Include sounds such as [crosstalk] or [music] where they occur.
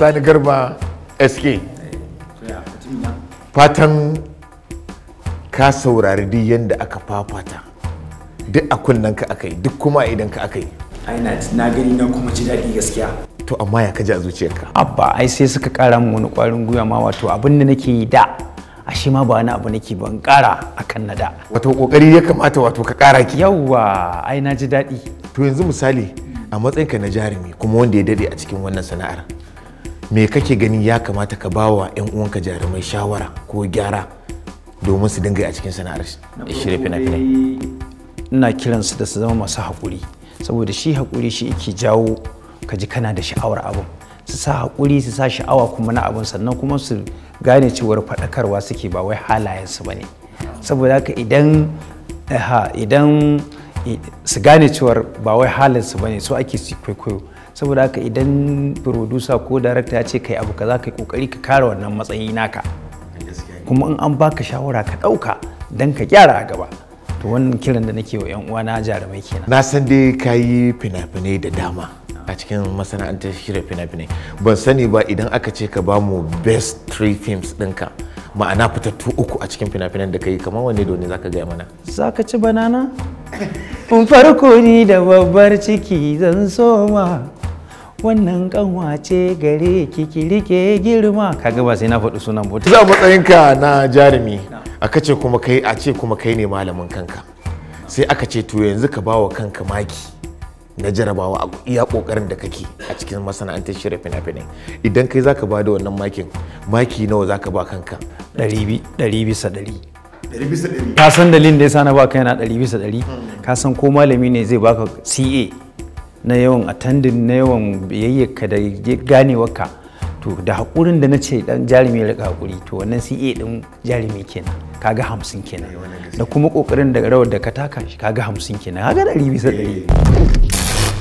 sani garba sk fatan ka saurari duk yadda aka fafata duk a kunnen ka aka yi duk kuma idan ka aka yi na gani nan kuma ji daɗi gaskiya to amma ya kaji a zuciyarka abba ai sai suka kara min wani ƙwarin gwiwa ma wato abin da nake yi da a shi ma ba wani abu nake ban ƙara akan na da wato kokari ya kamata wato ka ƙara ki yawwa ai na ji daɗi to yanzu misali a matsayinka na jarumi kuma wanda ya dade a cikin wannan sana'ar me kake gani ya kamata ka ba wa 'yan uwanka jarumai shawara ko gyara domin su dinga a cikin sana'ar shirya fina-finai ina kiransu da su zama masu haƙuri saboda shi haƙuri shi yake jawo ka ji kana da sha'awar abin su sa haƙuri su sa sha'awa kuma na abin sannan kuma su gane cewar faɗakarwa suke ba wai halayensu ba ne saboda haka idan idan su gane cewar ba wai halinsu ba ne so ake kwaikwayo saboda haka idan producer ko director ya ce kai abu kaza kai kokari ka kare wannan matsayi naka kuma in an baka shawara ka ɗauka dan ka gyara a gaba to wannan kiran da nake wa 'yan na jarumai kenan na san dai kayi fina-finai da dama a cikin masana'antar shirya fina-finai ban sani ba idan aka ce ka bamu best three films dinka ma'ana fitattu uku a cikin fina-finan da ka yi kamar wanne da zaka gaya mana zaka ci banana [laughs] farko ni da babbar ciki zan soma wannan kanwace gare kiki rike girma kaga ba sai na faɗi sunan ba za mu ka na jarumi aka kuma kai a ce kuma kai ne malamin kanka sai aka ce to yanzu ka bawa kanka maki na jarabawa a iya kokarin da kake a cikin masana'antar shirya fina-finai idan kai zaka ba da wannan makin maki nawa zaka ba kanka ɗari bisa ɗari ka san dalilin da ya sa na ba kaina ɗari bisa ɗari ka san ko malami ne zai baka ca na yawan attending na yawan biyayyarka da ganewarka to da hakurin da na ce dan jarumi ya rika haƙuri to wannan ce din jarumi kenan kaga hamsin kenan eh, da kuma ƙoƙarin da rawar da ka taka shi kaga hamsin kenan kaga ɗari bisa ɗari eh.